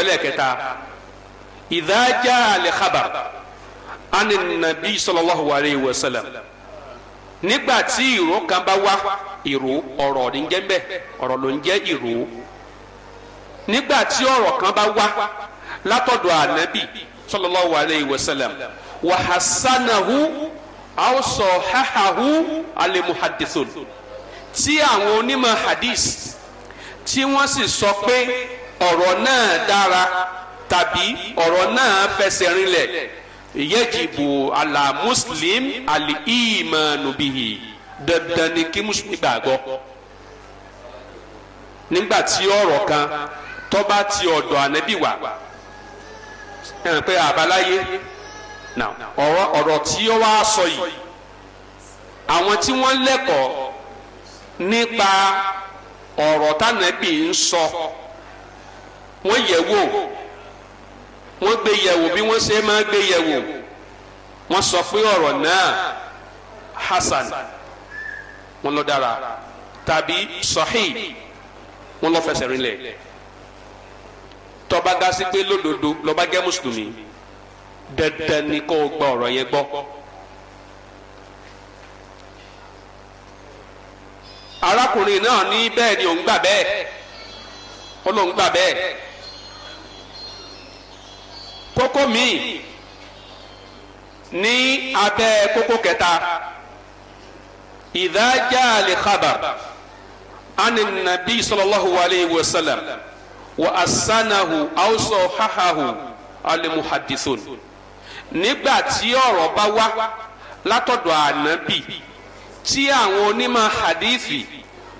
ẹlẹ́kẹta ìdájà àlẹ́kàbà aninabi sọlọ́láhu alayhi wa sallam nígbà tí ìró kan bá wá ìró ọ̀rọ̀ ní jẹ́ mbẹ́ ọ̀rọ̀ ló ń jẹ́ ìró nígbà tí ọ̀rọ̀ kan bá wá látọ̀dọ̀ ànábì sọlọ́láhu alayhi wa sallam wàhásánàhù àwòsànháhàhù alimuhadisun tí àwọn onímọ̀ hadith tí wọ́n sì sọ pé. ọ̀rọ̀ náà dára tàbí ọ̀rọ̀ náà fẹsẹ̀ rinlẹ̀ yẹ́jìbò àlà muslim dandan ni kí mùsùlùmí gbàgbọ́ nígbà tí ọ̀rọ̀ kan tọba ti ọ̀dọ̀ ànábì wà ẹn pé àbáláyé ọ̀rọ̀ tí ó wá sọ yìí àwọn tí wọ́n lẹ́kọ̀ọ́ nípa ọ̀rọ̀ wọ́n yẹ̀wò wọ́n gbé yẹ̀wò bí wọ́n ṣe máa gbé yẹ̀wò wọ́n sọ fún ọ̀rọ̀ náà hasan wọ́n lọ dára tàbí sahih wọ́n lọ fẹsẹ̀ rinlẹ̀ tọba gasi pé lódodo lọba jẹ́ mùsùlùmí dandan ni kó gba ọ̀rọ̀ yẹn gbọ́. arákùnrin náà ní bẹ́ẹ̀ ni òun gbà bẹ́ẹ̀ ó lóun gbà bẹ́ẹ̀. kókó míì ní abẹ́ kókó kẹta ìdájà lè khabar ani nabi sallallahu alayhi wa sallam wa asanahu awusọ hahahu alimuhadisun nígbà tí ọ̀rọ̀ bá wá látọ̀dọ̀ ànábì tí àwọn onímọ̀ hadithi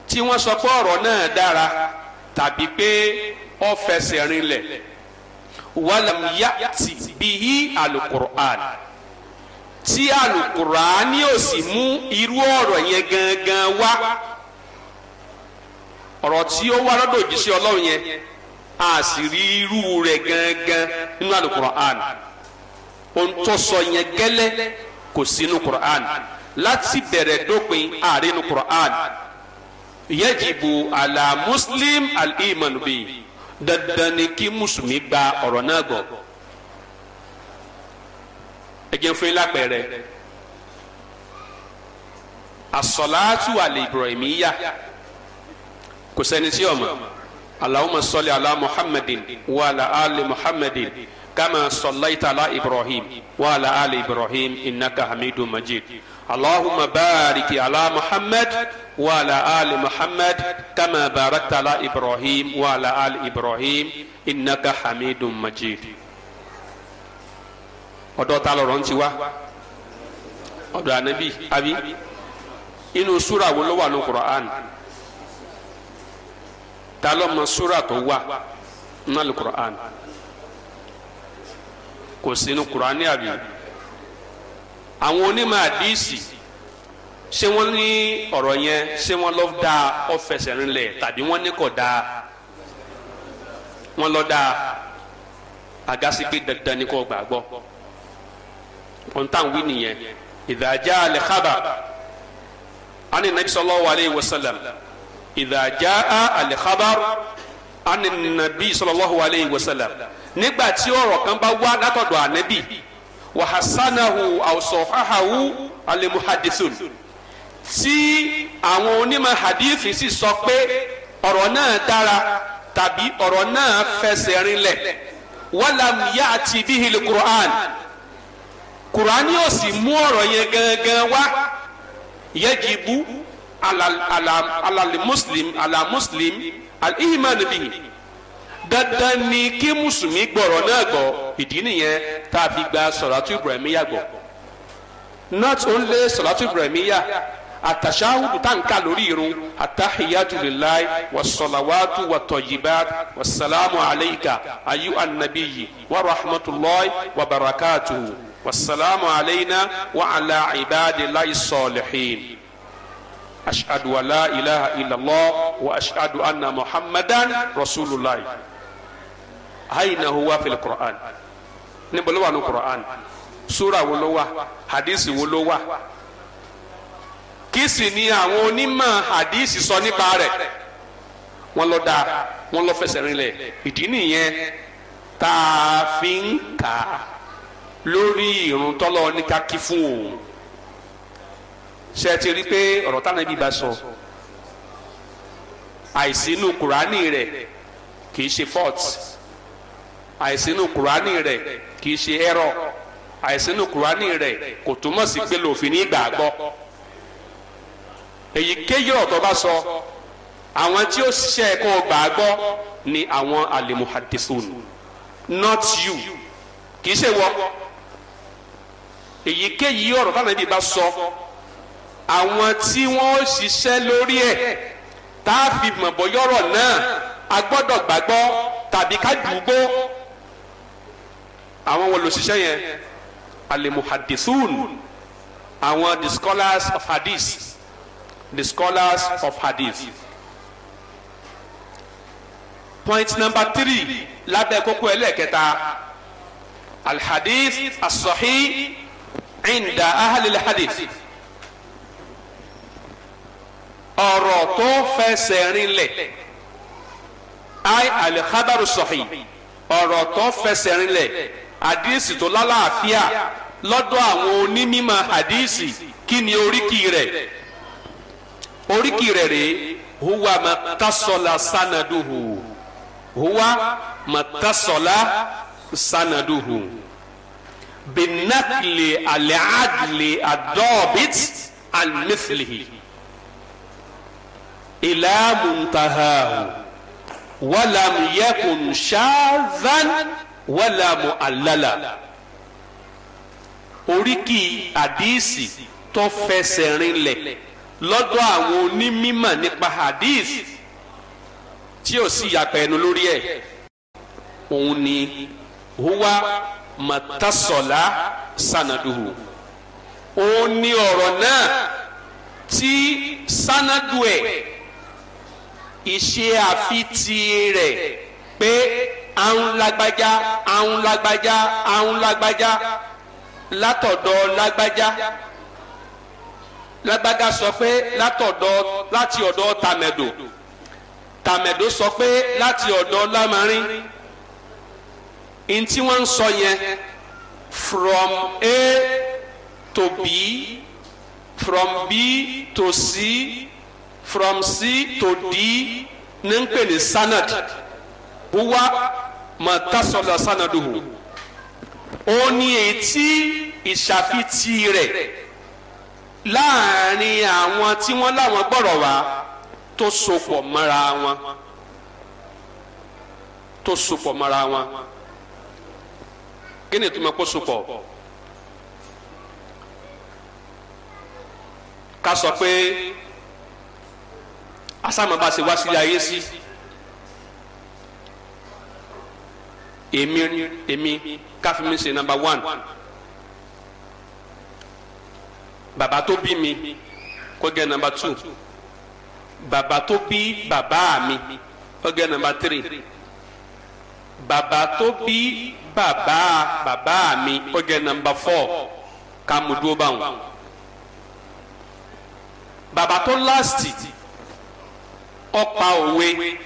tí wọ́n sọ pé ọ̀rọ̀ náà dára tàbí pé ó fẹsẹ̀ rinlẹ̀ walam yati bihi alukur'an tí alukur'ani ò sì mú irú ọ̀rọ̀ yẹn gangan wá ọ̀rọ̀ tí ó wá lọ́dọ̀ òjíṣẹ́ ọlọ́run yẹn a sì rí irú rẹ̀ gangan nínú alukur'an ohun tó sọ yẹn gẹ́lẹ́ kò sí nínú kur'an láti bẹ̀rẹ̀ dópin àárín nínú kur'an yajibu ala muslim al-imanu bi dandan ni kí mùsùlùmí gba ọ̀rọ̀ náà gbọ́ ẹ jẹ́ fún yín lápẹẹrẹ asọ̀láàtù àlè ibrahimiya kò sẹ́ni tí ó mọ̀ alahuma sọli ala muhammadin wa ala ali muhammadin kama sọlaita ibrahim wa ala ali ibrahim innaka hamidu majid. اللهم بارك على محمد وعلى آل محمد كما باركت على إبراهيم وعلى آل إبراهيم إنك حميد مجيد ọ̀dọ̀ ta lọ̀rọ̀ ń ti wá ọ̀dọ̀ ànábì àbí inú súra wo ló wà ní Qur'an ta ló mọ súra tó wà ní Qur'an kò sí ní Qur'an ní àbí àwọn onímọ̀ àdìsí ṣé wọ́n ní ọ̀rọ̀ yẹn ṣé wọ́n lọ da ọ̀fẹsẹ̀ rinlẹ̀ tàbí wọ́n ní kò da wọ́n lọ da agasi pé dandan ni kò gbàgbọ́ ọ̀ntàwí nìyẹn ìdájà alẹ́ kábà ani nabi sallallahu alayhi wa sallam idha jaa al-khabar ani nabi sallallahu alayhi wa sallam nígbà tí ọ̀rọ̀ kan bá wá látọ̀dọ̀ ànábì wa hasanahu aw sahahahu alimuhadisun tí àwọn onímọ̀ hadithi sì sọ pé ọ̀rọ̀ náà dára tàbí ọ̀rọ̀ náà fẹsẹ̀ rinlẹ̀ walam ya'ti bihil qur'an qur'an yóò sì mú ọ̀rọ̀ yẹn gangan wá yajibu ala ala ala ala dandan ni kí mùsùlùmí gbọ̀rọ̀ náà gbọ́ ìdí nìyẹn tá a fi gba sọ̀látù ibrahimiya gbọ́ not only sọ̀látù ibrahimiya àtàṣáhùdù tá n ká lórí irun àtàhìyàtù lillahi wàsọ̀làwàtù wàtọ̀yìbàt wàsálàmù àlẹ́yìká ayú ànàbíyì wàràhàmàtúlọ́ì wàbàràkàtù wàsálàmù àlẹ́yìná wàhálà ìbàdìláì sọ̀lẹ̀hìn. ashhadu an la ilaha illallah wa ashhadu anna muhammadan rasulullah aina huwa fil qur'an níbo ló wà ní qur'an sura wo ló wà hadisi wo ló wà kí sì ni àwọn onímọ̀ hadisi sọ nípa rẹ̀ wọ́n lọ dáa wọ́n lọ fẹsẹ̀ rinlẹ̀ ìdí nìyẹn tá a fi ń kà á lórí ìrun tọ́lọ́ ní ká kí fún ti rí i pé ọ̀rọ̀ táwọn ibi bá sọ àìsínú kùránì kì í ṣe fọ́ọ̀tì àìsínú kùránì rẹ̀ kì í ṣe ẹ̀rọ àìsínú kùránì rẹ̀ kò túmọ̀ sí pé lòfin ní ìgbàgbọ́ èyíkéyìí ọ̀tọ̀ bá sọ àwọn tí ó ṣiṣẹ́ ẹ̀kọ́ gbàgbọ́ ni àwọn alimuhadisun not you kì í ṣe wọ èyíkéyìí ọ̀rọ̀ táwọn ẹbí bá sọ àwọn tí wọ́n ṣiṣẹ́ lórí ẹ̀ tá a fi mọ̀ bọ́yọ̀rọ̀ náà a gbọ́dọ̀ gbàgbọ́ tàbí ká dùgbò àwọn wọn lòṣìṣẹ́ yẹn alimuhadisun àwọn the scholars of hadith the scholars of hadith point number three lábẹ́ kókó ẹlẹ́ẹ̀kẹta alhadith asọ̀hí inda ahalil hadith ọ̀rọ̀ tó fẹsẹ̀ rinlẹ̀ ay alhabaru sọ̀hí ọ̀rọ̀ tó fẹsẹ̀ rinlẹ̀ hadisi tó lálàáfíà lọ́dọ̀ àwọn onímọ̀ hadisi kí ni oríkì rẹ̀ oríkì rẹ̀ rèé huwa matasola sanaduhu huwa matasola sanaduhu binakli aliadli adobit almithlihi ila muntahahu walam yakun shadhan wala mu'allala oríkì àdíìsì tó fẹsẹ̀ rinlẹ̀ lọ́dọ̀ àwọn onímọ̀ nípa hadith tí ò sí ìyàpẹ̀ ẹnu lórí ẹ̀ òun ni huwa matasola sanaduhu òun ni ọ̀rọ̀ náà tí sanadu ẹ̀ ìṣe àfitì rẹ̀ pé àwọn lágbájá àwọn lágbájá àwọn lágbájá látọ̀dọ̀ lágbájá lágbájá sọ pé látọ̀dọ̀ láti ọ̀dọ̀ tàmẹ̀dò tàmẹ̀dò sọ pé láti ọ̀dọ̀ lámarin ntí wọ́n sọ yẹn from A to B from B to C from C to D ní ń pè ní sanad huwa mọ̀tàsọ̀lọ̀ sànàdùhù ó ní etí ìṣàfitì rẹ̀ láàrin àwọn tí wọ́n láwọn gbọ́rọ̀ wá tó sopọ̀ mọ́ra wọn tó sopọ̀ mọ́ra wọn kí ni ìtumọ̀ kó sopọ̀ ká sọ pé asámọ̀ bá ṣe wá Si emi emi kafi mi se number one baba to bi mi ko gɛ number two baba to bi baba mi ko gɛ number three baba to bi baba baba mi ko gɛ number four ka mu do ba wo baba to last ɔkpa owe.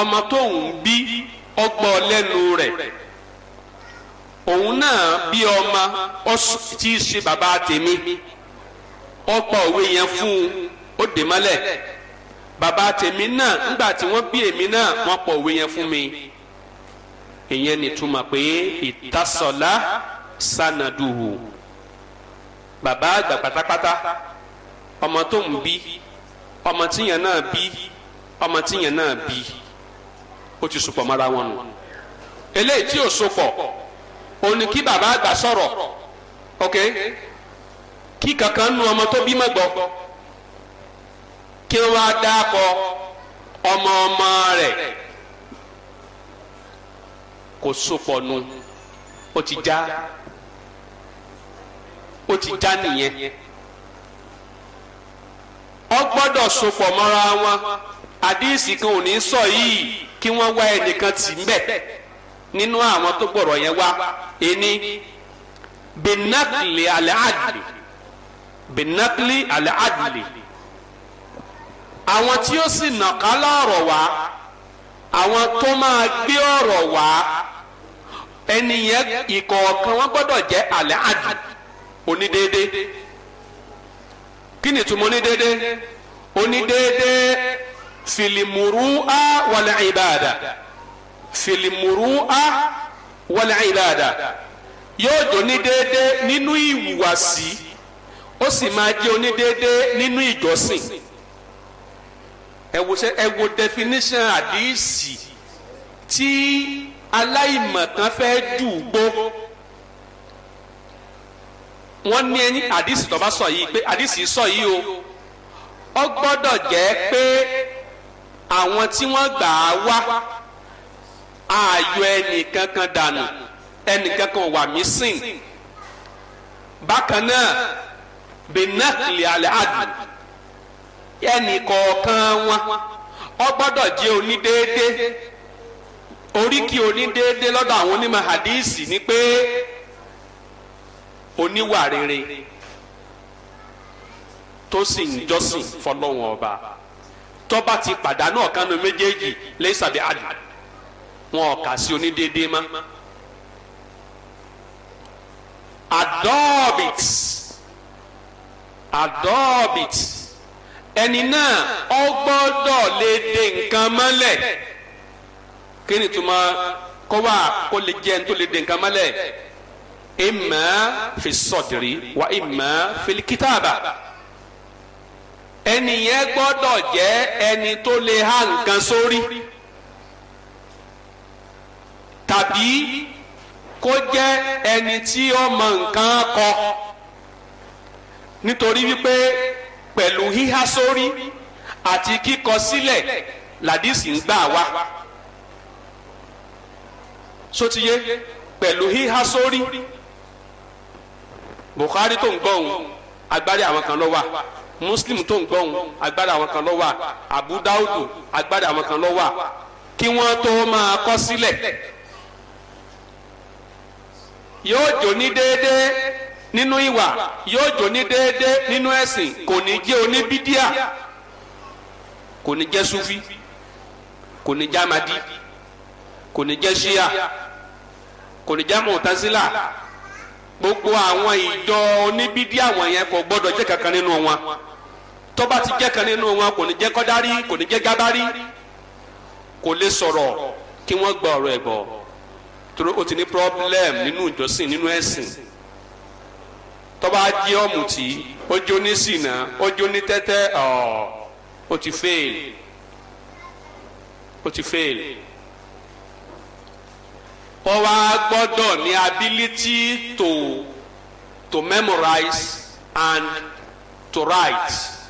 ọmọ tóun bí ọgbọ́ lẹ́nu rẹ̀ òun náà bí ọmọ tí í ṣe bàbá tèmi ọgbọ́ òwe yẹn fún un ó dè mọ́lẹ̀ bàbá tèmi náà nígbà tí wọ́n bí èmi náà wọ́n pọ̀ òwe yẹn fún mi ìyẹn nìtumọ̀ pé ìtasọ̀lá sanaduhu bàbá àgbà pátápátá ọmọ tó ń bí ọmọ tíyẹn náà bí ọmọ tíyẹn náà bí. ó ti sopọ̀ mọ́ra wọn nù eléyìí tí ò sopọ̀ òun ni kí bàbá àgbà sọ̀rọ̀ ok kí kankan nu ọmọ tó bímọ gbọ kí wọ́n á dáàpọ̀ ọmọ ọmọ rẹ kò sopọ̀ nù ó ti já ó ti já nìyẹn ọ gbọ́dọ̀ sopọ̀ mọ́ra wọn àdíìsì kan ò ní sọ yìí. kí wọ́n wá ẹnìkan tì ń bẹ̀ nínú àwọn tó gbọ̀rọ̀ yẹn wá ẹni binakili alaadili binakili alaadili àwọn tí ó sì nàkálà ọ̀rọ̀ wá àwọn tó máa gbé ọ̀rọ̀ wá ẹni ìkọ̀ọ̀kan wọn gbọ́dọ̀ jẹ́ alaadili onídéédé kí ni ìtumọ̀ onídéédé onídéédé. filimurua walibada filimurua walibada yóò jẹ́ onídéédé nínú ìwùwàsí ó sì máa jẹ́ onídéédé nínú ìjọsìn ẹ ṣe ẹ definition àdìsí tí aláìmọ̀kan fẹ́ dùgbò wọ́n ní ẹni àdìsí tó bá sọ yìí pé àdìsí sọ yìí o gbọ́dọ̀ jẹ́ àwọn tí wọ́n gbà á wá ààyò ẹnìkankan dànù ẹnìkankan wà mí sìn bákan náà benakli ẹnì kọ̀ọ̀kan wọn ọ gbọ́dọ̀ jẹ́ onídéédé oríkì onídéédé lọ́dọ̀ àwọn onímọ̀ hadísì ni pé oníwà rere tó sì ń jọ́sìn fọlọ́wọ́n ọba. tọ́ba ti pàdánù ọ̀kan nu méjèèjì lẹ́yìn sàbí àdì wọn ò kà sí onídéédéé mọ́. adọ́ọ̀bìt adọ́ọ̀bìt ẹni náà ó gbọ́dọ̀ lè de nǹkan mọ́lẹ̀ kí ni tuma kó wà kó lè jẹ́ ẹni tó lè de nǹkan mọ́lẹ̀ imma fi sọdiri wa imma fil kitaba ẹni yẹn gbọ́dọ̀ jẹ́ ẹni tó lè há nǹkan sórí tàbí kó jẹ́ ẹni tí ó mọ nǹkan kọ nítorí wípé pẹ̀lú híhá sórí àti kíkọ sílẹ̀ làdísì ń gbà wá sotiye pẹ̀lú híhá sórí Bukhari tó ń gbọ́ òun agbárí àwọn kan ló wà muslim tó ń gbọ́n agbára àwọn kan ló wà abu daudu agbára àwọn kan ló wà kí wọ́n tó máa kọ sílẹ̀ yóò jò ní déédéé nínú ìwà yóò jò ní déédéé nínú ẹ̀sìn kò ní jẹ́ oníbídíà kò ní jẹ́ sufi kò ní jẹ́ amadi kò ní jẹ́ shia kò ní jẹ́ mọ̀tazila gbogbo àwọn ìjọ oníbídíà wọ̀nyẹn kò gbọ́dọ̀ jẹ́ kankan nínú wọn tó bá ti jẹ́ kan nínú wọn kò ní jẹ́ kọ́dárí kò ní jẹ́ gábárí kò lè sọ̀rọ̀ kí wọ́n gba ọ̀rọ̀ ẹ̀ gbọ́ torí o ti ní problem nínú ìjọsìn nínú ẹ̀sìn tó bá jẹ́ ọ̀mùtí ó jó ní sìnà ó jó ní tẹ́tẹ́ ọ̀ ó ti fail ó ti fail ó wá gbọ́dọ̀ ní ability to to memorize and to write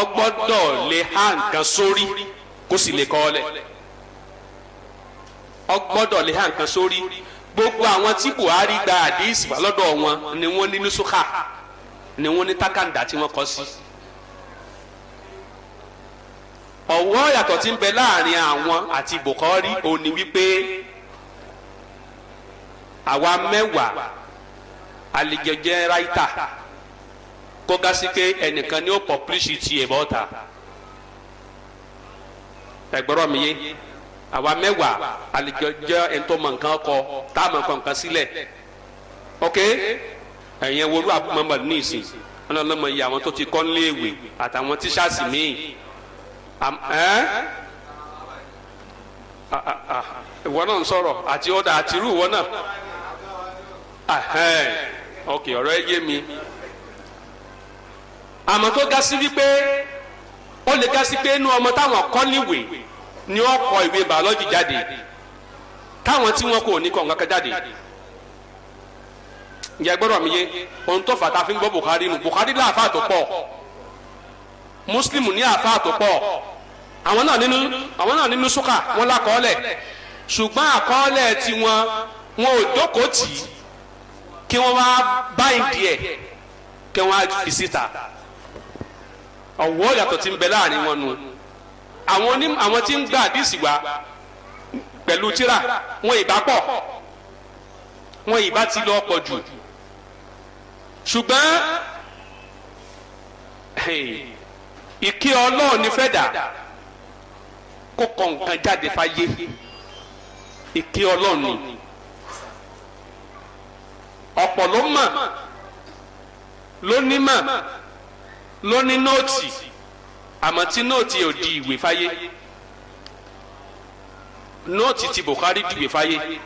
ọgbọ́dọ̀ lè há nǹkan sórí kó sì lè kọ́lẹ̀ ọgbọ́dọ̀ lè há nǹkan sórí gbogbo àwọn tí Buhari gba àdíìsì wà lọ́dọ̀ wọn ni wọ́n ní nusuka ni wọ́n ní takanda tí wọ́n kọ́ sí. ọ̀wọ́ yàtọ̀ tí ń bẹ láàrin àwọn àti Bukhari òun wípé àwa mẹ́wàá àlejò jẹ́ ráítà kó gasi pé ẹnìkan ni ó pọ̀pùlìṣì tiẹ̀ bọ́ ta ẹgbọ́rọ̀ mi yé àwa mẹ́wàá àlejòjọ́ ẹ̀ńtọ́mọ̀ nǹkan kọ táàmù nǹkan kan sílẹ̀ ok ẹ̀yẹn wo lóà mọ̀mọ́ ní ìsìn ọlọ́mọ yìí àwọn tó ti kọ́ nílé ìwé àtàwọn tíṣàsì míì ìwọ náà ń sọ̀rọ̀ àti ọ̀dà àtirú ìwọ náà ok ọ̀rọ̀ ẹ yé mi àmọ́ tó ga sí wípé ó lè ga sí pé inú ọmọ táwọn kọ́ níwèé ni wọ́n kọ ìwé bàọ́lọ́jì jáde táwọn tí wọ́n kò ní kọ̀ nǹkan kan jáde ǹjẹ́ gbọ́dọ̀ mi yé ohun tó fà tá a fi ń gbọ́ Bukhari nu Bukhari ní àfa tó pọ̀ Muslim ní àfa tó pọ̀ àwọn náà nínú àwọn náà nínú súkà wọn lákọọ́lẹ̀ ṣùgbọ́n àkọọ́lẹ̀ tiwọn wọn ò jókòó tì í kí wọ́n wá báyìí díẹ̀ kí wọ́n á fi síta ọ̀wọ́ yàtọ̀ tí ń bẹ láàrin wọn nu àwọn oní àwọn tí ń gba àdìsí wa pẹ̀lú tíra wọn ìbá pọ̀ wọn ìbá ti lọ pọ̀ jù ṣùgbọ́n ìkí ọlọ́ọ̀ ní fẹ́ dà kó kọ nǹkan jáde fáyé ìkí ọlọ́ọ̀ ni ọ̀pọ̀ ló mọ̀ ló ní mọ̀ ló ní nóòtì àmọ́ tí nóòtì ò di ìwé fáyé nóòtì ti Bukhari dìwé fáyé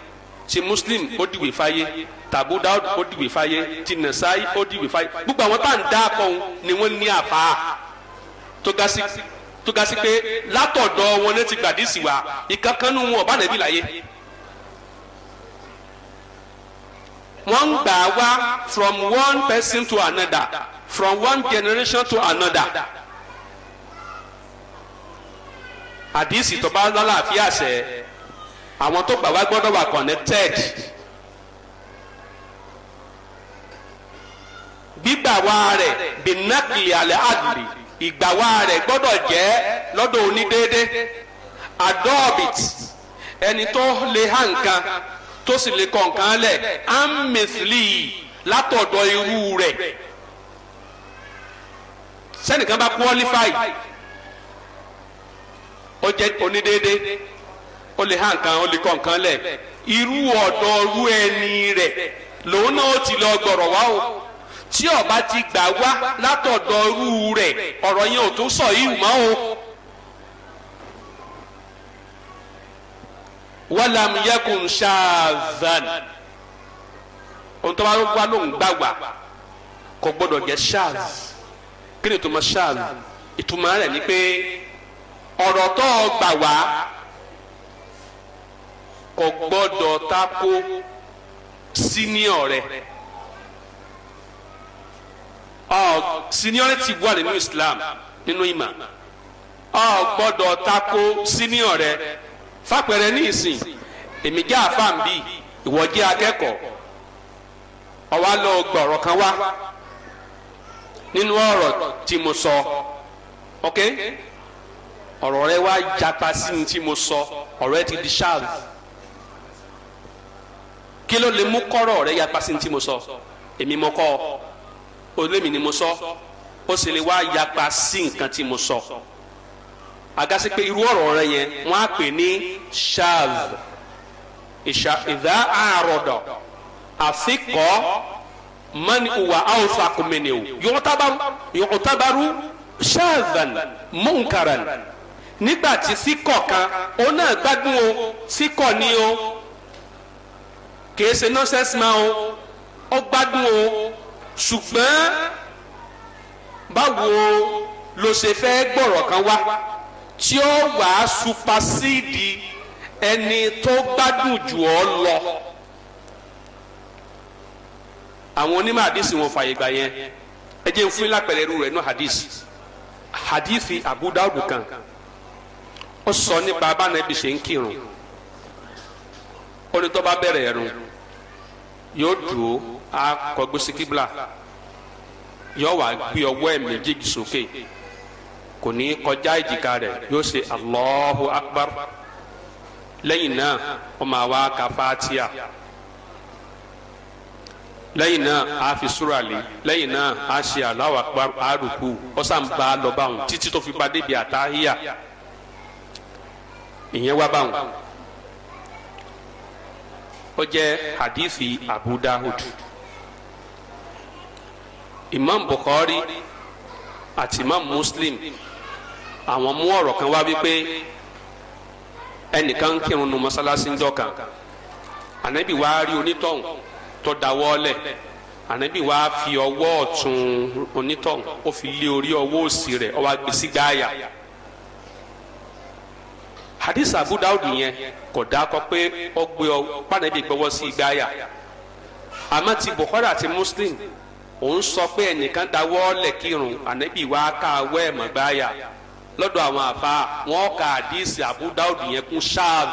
ti Muslim ó dìwé fáyé tàbú Dawud ó dìwé fáyé ti Nasai ó dìwé fáyé gbogbo àwọn tá à ń dá akọ òun ni wọ́n ní àfa tó ga sí tó ga sí pé látọ̀dọ̀ wọn ló ti gbàdísì wá ìkankanú wọn ọ̀bá nàbí láyé. wọ́n ń gbà wá from one person to another from one generation to another àdìsí tó bá lálàáfíà sẹ àwọn tó gbà wá gbọ́dọ̀ wà connected gbígbà wá rẹ̀ bínákìlì àlẹ́ àdìlì ìgbà wá rẹ̀ gbọ́dọ̀ jẹ́ lọ́dọ̀ onídéédé adobit ẹni tó lè há nǹkan tó sì lè kọ̀ lẹ̀ amethli látọ̀dọ̀ irú rẹ̀. sẹ́nìkan bá qualify ó jẹ́ onídéédé ó lè hàn kan ó lè kọ́ nǹkan lẹ̀ irú ọ̀dọ̀ ẹni rẹ̀ lòun náà ó ti lọ o tí ti gbà wá látọ̀dọ̀ ọrú rẹ̀ ọ̀rọ̀ yẹn ò tún sọ yìí mọ́ o. wàlám yẹkùn ohun tó bá wà lóhùn gbàgbà kò gbọdọ̀ kí ni ìtumọ̀ ṣáàn ìtumọ̀ rẹ̀ ni pé ọ̀rọ̀ tó gbà wá kò gbọ́dọ̀ tako senior rẹ̀ ọ seniority wà nínú Islam nínú ìmọ̀ ọ tako senior rẹ̀ fàpẹrẹ ní ìsìn èmi jẹ́ àfàǹbì ìwọ akẹ́kọ̀ọ́ ọ̀wá lọ gbọ̀rọ̀ kan wá nínú ọ̀rọ̀ tí mo sọ ok ọ̀rọ̀ rẹ wá jata sí ní tí mo sọ ọ̀rọ̀ rẹ ti di ṣáàlù kí ló lè mú kọ́rọ̀ rẹ yapa sí ní tí mo sọ èmi mo kọ́ ọ olémi ni mo sọ ó sì lè wá yapa sí nǹkan tí mo sọ agasi pé irú ọ̀rọ̀ rẹ yẹn wọ́n á pè ní ṣáàlù ìdá àròdọ̀ àfikọ́ mani uwa awsaq minhu yu'tabaru yu'tabaru shadhan munkaran nígbà tí síkọ̀ kan òun náà gbádùn o síkọ̀ ni o kìí ṣe nọ́sẹ̀sì máa o ó gbádùn o ṣùgbọ́n báwo ló ṣe fẹ́ gbọ̀rọ̀ kan wá tí ó àwọn onímọ̀ hadisi wọn fààyè gbà yẹn ẹ jẹ́ n fún yín lápẹ̀rẹ̀ irú rẹ̀ nù hadisi hadisi Abu Dawud kan ó sọ nípa abánẹ́bí ṣe ń kírun ó ní tó bá bẹ̀rẹ̀ ẹ̀rùn yóò dùn ó akọgbó sí kíbla yóò wá gbé ọwọ́ ẹ̀ méjèèjì sókè kò ní kọjá ìjìká rẹ̀ yóò ṣe Allahu Akbar lẹ́yìn náà ó máa wá lẹ́yìn náà a fi súra lé lẹ́yìn náà a ṣe Allahu Akbar àrùkù ọ̀sán bá a lọ báwọn títí tó fi ba débi àtàhíyà ìyẹn wá báwọn ó jẹ́ hadithi Abu Dawud Imam Bukhari àti Imam Muslim àwọn mú ọ̀rọ̀ kan wá wípé ẹnìkan kírun nu mọ́sálásí ńjọ́ kan ànábì wá rí onítọ̀hún tó dáwọ́ lẹ̀ ànábì wa fi ọwọ́ ọ̀tún onítọ̀hún ó fi lé orí ọwọ́ òsì rẹ̀ ó wá gbé sí gáàyà hadith Abu Dawud yẹn kò dákọ pé ó gbé ọ pànẹ́bí gbọ́wọ́ sí gáàyà àmọ́ ti Bukhari àti Muslim òun sọ pé ẹnìkan dáwọ́ lẹ̀ kírun ànábì wa káwọ́ ẹ̀ mọ́ gáàyà lọ́dọ̀ àwọn àfa wọn kà hadith Abu Dawud yẹn kún ṣáàlù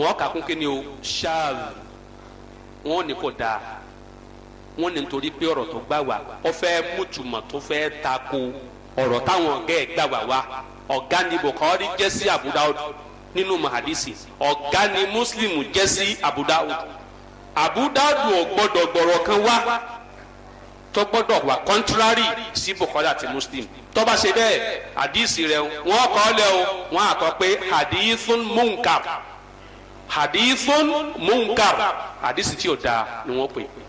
wọn kà kún kí ni o ṣáàlù wọn ò ní kò dáa wọn ní nítorí pé ọ̀rọ̀ tó gbà wá ó fẹ́ mútùmọ̀ tó fẹ́ tako ọ̀rọ̀ táwọn ọ̀gá ẹ̀ gbà wá wá ọ̀gá ni Bukhari jẹ́ sí Abu Daud nínú mahadisi ọ̀gá ni Muslim jẹ́ sí Abu Daud Abu Daud kan wá tó wà contrary sí Bukhari àti Muslim tó ṣe bẹ́ẹ̀ hadisi rẹ̀ wọ́n kọ́ lẹ́ o wọ́n àkọ́ pé hadithun munkar hadithun munkar hadisi tí o da ni wọ́n pè